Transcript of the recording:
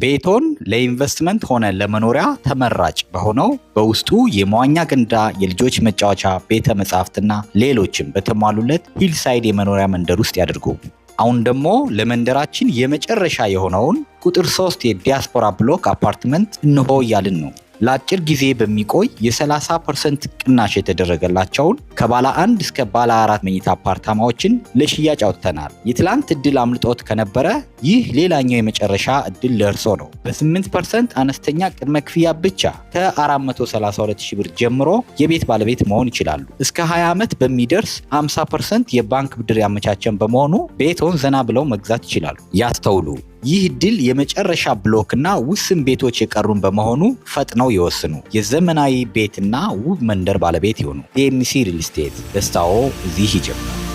ቤቶን ለኢንቨስትመንት ሆነ ለመኖሪያ ተመራጭ በሆነው በውስጡ የመዋኛ ገንዳ፣ የልጆች መጫወቻ፣ ቤተ መጻሕፍትና ሌሎችም በተሟሉለት ሂልሳይድ የመኖሪያ መንደር ውስጥ ያድርጉ። አሁን ደግሞ ለመንደራችን የመጨረሻ የሆነውን ቁጥር ሶስት የዲያስፖራ ብሎክ አፓርትመንት እንሆ እያልን ነው። ለአጭር ጊዜ በሚቆይ የ30 ፐርሰንት ቅናሽ የተደረገላቸውን ከባለ አንድ እስከ ባለ አራት መኝታ አፓርታማዎችን ለሽያጭ አውጥተናል። የትላንት እድል አምልጦት ከነበረ ይህ ሌላኛው የመጨረሻ እድል ለእርሶ ነው። በ8 ፐርሰንት አነስተኛ ቅድመ ክፍያ ብቻ ከ432 ሺህ ብር ጀምሮ የቤት ባለቤት መሆን ይችላሉ። እስከ 20 ዓመት በሚደርስ 50 ፐርሰንት የባንክ ብድር ያመቻቸን በመሆኑ ቤቶን ዘና ብለው መግዛት ይችላሉ። ያስተውሉ ይህ ድል የመጨረሻ ብሎክና ውስን ቤቶች የቀሩን በመሆኑ ፈጥነው ይወስኑ። የዘመናዊ ቤትና ውብ መንደር ባለቤት ይሆኑ። ዲኤምሲ ሪል ስቴት ደስታዎ እዚህ ይጀምራል።